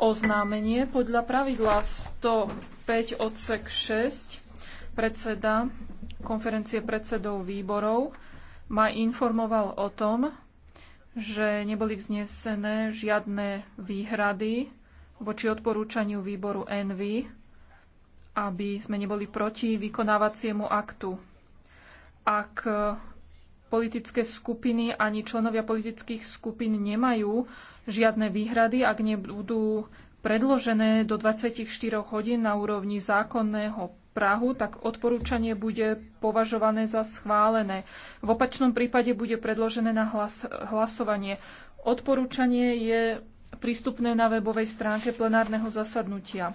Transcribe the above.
oznámenie. Podľa pravidla 105 odsek 6 predseda konferencie predsedov výborov ma informoval o tom, že neboli vznesené žiadne výhrady voči odporúčaniu výboru NV, aby sme neboli proti vykonávaciemu aktu. Ak politické skupiny ani členovia politických skupín nemajú žiadne výhrady, ak nebudú predložené do 24 hodín na úrovni zákonného Prahu, tak odporúčanie bude považované za schválené. V opačnom prípade bude predložené na hlas- hlasovanie. Odporúčanie je prístupné na webovej stránke plenárneho zasadnutia.